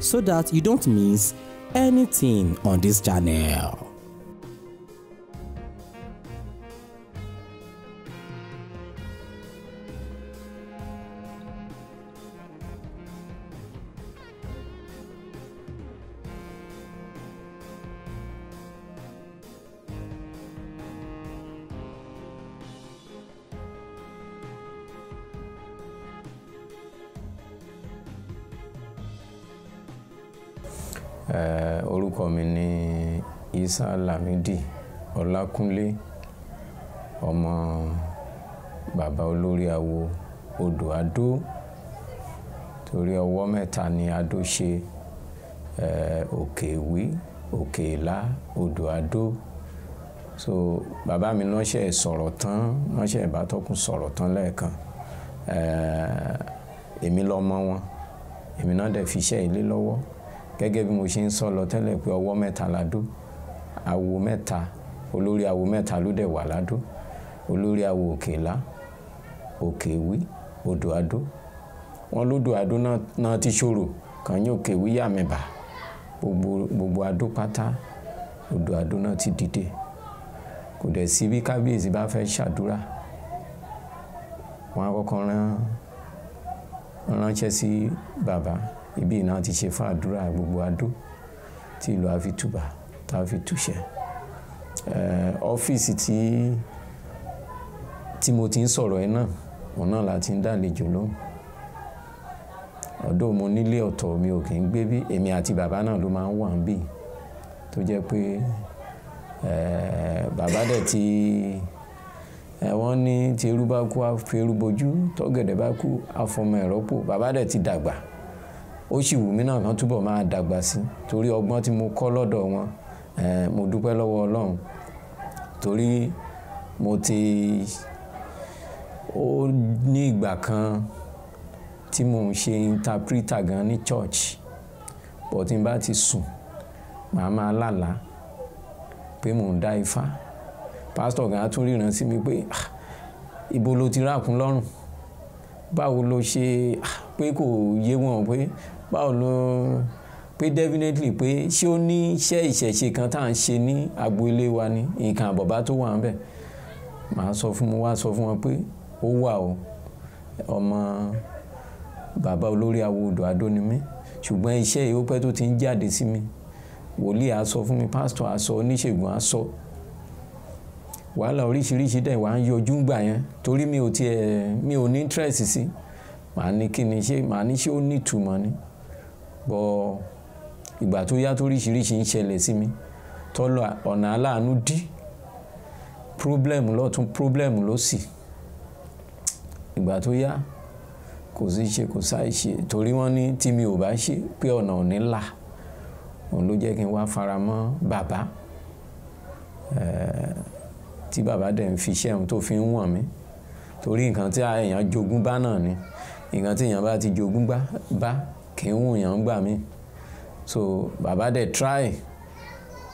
so that you don't miss anything on this channel. orúkọ mi ni isa lamidi ọlákúnlé ọmọ bàbá olórí awo odò adó torí ọwọ́ mẹ́ta ni adó ṣe òkè ìwí òkè ìlà odò adó so bàbá mi náà ṣe sọ̀rọ̀ tán náà ṣe ìbátọ́kùn sọ̀rọ̀ tán lẹ́ẹ̀kan èmi lọ́mọ wọn èmi náà dẹ̀ fi iṣẹ́ ilé lọ́wọ́ gẹ́gẹ́ bí mo ṣe ń sọ lọ tẹ́lẹ̀ pé ọwọ́ mẹ́ta ládó awo mẹ́ta olórí awo mẹ́ta ló dẹ̀ wà ládó olórí awo òkèlá òkèwí odò adó wọn lódò adó náà ti ṣòro kàn yín òkèwí yà mẹ́bà gbogbo adó pátá odò adó náà ti dìde kò dẹ̀ sí bí kábíyèsí bá fẹ́ ṣàdúrà wọn á rán ránṣẹ́ sí bàbá ibi náà ti ṣe fún àdúrà gbogbo adó tí ìlú àfitúbà tá a fi túṣẹ eh, ọ́fíìsì tí tí mo ti ń sọ̀rọ̀ ẹ náà òun náà la ti ń dàlejò lóhùn ọ̀dọ̀ mo nílé ọ̀tọ̀ mi ò kì í gbé bí èmi àti bàbá náà ló máa ń wà ń bì tó jẹ́ pé eh, bàbá dẹ̀ ti eh, wọ́n ní tí erú bá kú àfẹ́rú bojú tọ́gẹ̀dẹ̀ bá kú àfọmọ ẹ̀rọ́pò bàbá dẹ̀ ti dàgbà ó sì wù mí náà kán túbọ̀ máa dàgbà sí torí ọgbọ́n tí mo kọ́ lọ́dọ̀ wọn eh, mo dúpẹ́ lọ́wọ́ Ọlọ́run torí mo ti ó ní ìgbà kan tí mo ń ṣe interpreter gan ní church bọ̀ tí n bá ti sùn màá máa lálàá pé mò ń dá ifá pásítọ̀ gan tún ríran sí mi pé ah, ibo ló ti rákun lọ́rùn báwo ló ṣe ah, pé kò yé wọn pé báwo ló pé definitely pé ṣé ó ní iṣẹ́ ìṣẹ̀ṣe kan tá à ń ṣe ní agbo ilé wa ni nǹkan àbọ̀bá tó wà ń bẹ̀ màá sọ fún wọn wá sọ fún wọn pé ó wà o ọmọ bàbá olórí awodò adó ṣùgbọ́n iṣẹ́ yìí ó pẹ́ tó ti ń jáde sí mi wòlíì á sọ fún mi pásítọ̀ á sọ oníṣègùn á sọ wàhálà oríṣiríṣi dẹ̀ wà ń yọjú gbà yẹn torí mi ò ní interest sí màá ní kí ni ṣe màá ní ṣé ó ní ìtumọ̀ ni. Ṣe, bọ́ ìgbà tó yá tó ríṣiríṣi ń ṣẹlẹ̀ sí mi tọ́lọ̀ ọ̀nà aláàánú dí problem lọ́tún problem ló sì ìgbà tó yá kò sí ṣe kò sáì ṣe torí wọ́n ní tí mi ò bá ṣe pé ọ̀nà ò ní là òun ló jẹ́ kí n wá fara mọ́ bàbá tí bàbá dẹ̀ ń fi iṣẹ́ òun tó fi ń wọ̀n mí torí nǹkan tí èèyàn jogún bá náà ni nǹkan tí èèyàn bá ti jogún bá kì í wù yàn gbà mí so bàbá dẹ̀ try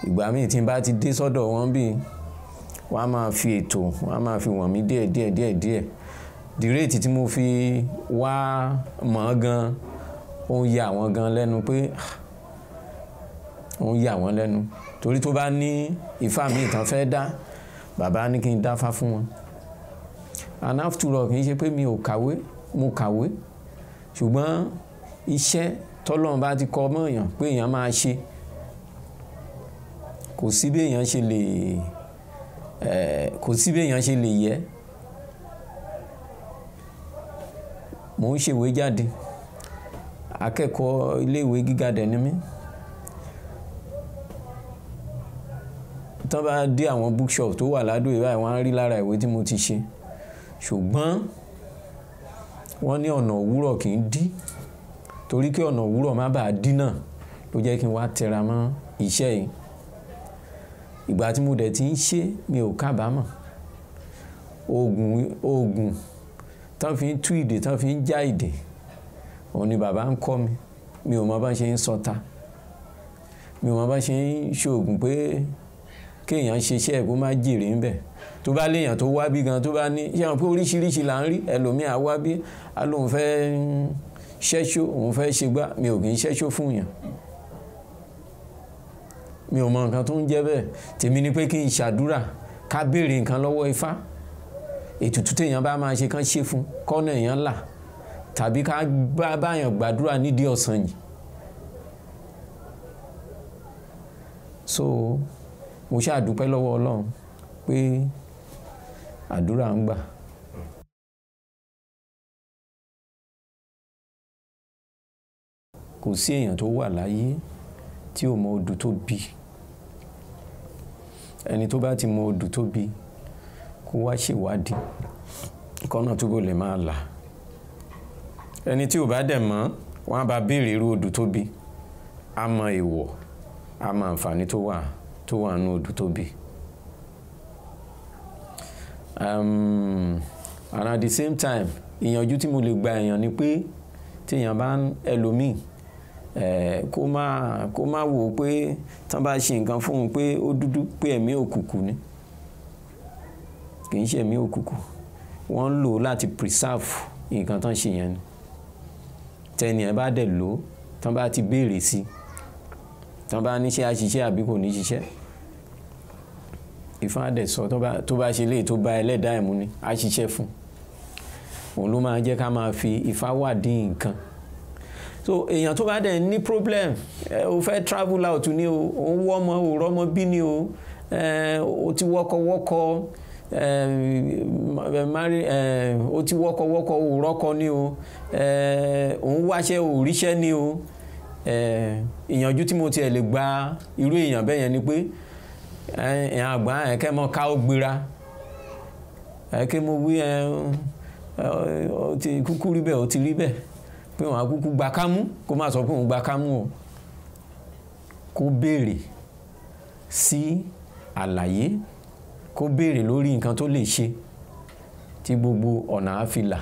ìgbà míì tí n bá ti dé sọ́dọ̀ wọn bíi wọ́n á máa fi ètò wọ́n á máa fi wọ̀n mí díẹ̀ díẹ̀ díẹ̀ díẹ̀ the rate tí mo fi wá mọ̀ ọ́ gan ó ń ya àwọn gan lẹ́nu pé ó ń ya àwọn lẹ́nu torí tó bá ní ifá mi ìtàn fẹ́ dá bàbá ní kí n dáfá fún wọn and after all kì í ṣe pé mi ò kàwé mo kàwé ṣùgbọ́n iṣẹ́ tọ́lọ́run bá ti kọ́ mọ́ èèyàn pé èèyàn máa ṣe kò sí bí èèyàn ṣe lè eh, kò sí bí èèyàn ṣe lè yẹ mò ń ṣèwé jáde akẹ́kọ̀ọ́ iléèwé gíga dẹ̀ ni mí tán bá dé àwọn bookshop tó wà ládùn ìwà ìwọ̀n á rí lára ìwé tí mo ti ṣe ṣùgbọ́n wọ́n ní ọ̀nà òwúrọ̀ kì í dí torí kí ọ̀nà òwúrọ̀ má bàa dínà ló jẹ́ kí n wá tẹra mọ́ iṣẹ́ yìí ìgbà tí mo dẹ̀ ti ń ṣe mi ò kábàámọ̀ oògùn oògùn tán fi ń tú ìdè tán fi ń já ìdè òun ni bàbá ń kọ́ mi mi ò mọ bá ṣe ń sọta mi ò mọ bá ṣe ń ṣoògùn pé kéèyàn ṣiṣẹ́ ẹ̀ kó má jèrè ń bẹ̀ tó bá léèyàn tó wá bí gan tó bá ní ṣé àwọn pé oríṣiríṣi là ń rí ẹlòmíà wá bí a lóun fẹ́ẹ́ ṣẹ́ṣó òun fẹ́ ṣe gbá mi ò kì í ṣẹ́ṣó fún yàn mi ò mọ nǹkan tó ń jẹ́ bẹ́ẹ̀ tèmi ni pé kí n ṣàdúrà ká béèrè nǹkan lọ́wọ́ ifá ètùtù téèyàn bá máa ṣe kán ṣe fún kọ́nà èèyàn là tàbí ká bá báyàn gbàdúrà nídìí ọ̀sán yìí so mo ṣáà dúpẹ́ lọ́wọ́ ọlọ́run pé àdúrà ń gbà. kò sí èèyàn tó wà láyé tí ò mọ odù tó bí ẹni tó bá ti mọ odù tó bí kó wá ṣèwádìí kọ́nà túbọ̀ lè máa là ẹni tí ò bá dẹ̀ mọ́ wọ́n á bá béèrè irú odù tó bí a mọ èèwọ̀ a mọ àǹfààní tó wà tó wà nínú odù tó bí. and at the same time ìyànjú tí mo lè gba èèyàn ni pé tí èèyàn bá ń ẹlòmíì kó má kó má wò ó pé tán bá ṣe nǹkan fún un pé ó dúdú pé ẹ̀mí òkùnkùn ni kì í ṣe ẹ̀mí òkùnkùn wọ́n ń lò ó láti preserve nǹkan tán ṣe yẹn ni tẹ́ni ẹ̀ bá dẹ̀ lò ó tán bá ti béèrè sí i tán bá ní àṣìṣe àbí kò ní ṣiṣẹ́ ìfádẹ́sọ tó bá ṣe léè tó bá ẹlẹ́dàá ẹ̀ ni àṣìṣe fún un òun ló máa jẹ́ ká máa fi Ifá wádìí nǹkan so èèyàn tó bá dẹ̀ ní problem o fẹ́ travel out ni o ò ń wọ́mọ o rọ́mọ bí ni o o ti wọ́kọ̀wọ́kọ̀ mari o ti wọ́kọ̀wọ́kọ̀ o rọ́kọ ni o ò ń wáṣẹ́ o ríṣẹ́ ni o ìyànjú tí mo tiẹ̀ lè gba irú èèyàn bẹ́ẹ̀ yẹn ni pé èèyàn àgbà ẹ̀kẹ́ mọ́ ká ó gbéra ẹ̀kẹ́ mo wí ẹ̀ ọ ti kúkú rí bẹ́ẹ̀ ó ti rí bẹ́ẹ̀ pé wọn àkúkú gba kámú kó má sọ pé òun gba kámú o kó béèrè sí àlàyé kó béèrè lórí nǹkan tó lè ṣe tí gbogbo ọ̀nà á fi là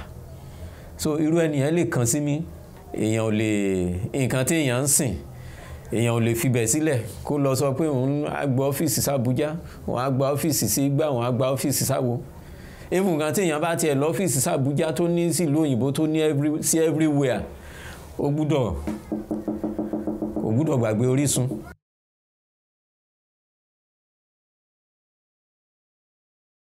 so irú ẹnìyẹn lè kàn sí mi èèyàn ò lè nǹkan tí èèyàn ń sìn èèyàn ò lè fibẹ̀ sílẹ̀ kó lọ sọ pé òun á gba ọ́fíìsì sí òun á gba ọ́fíìsì sí Igbá òun á gba ọ́fíìsì sáwo even gan tí èèyàn bá tiẹ̀ lọ́fíìsì sàbújá tó ní sílùú òyìnbó tó ní sí everywhere ó gbúdọ̀ ó gbúdọ̀ gbàgbé orísun.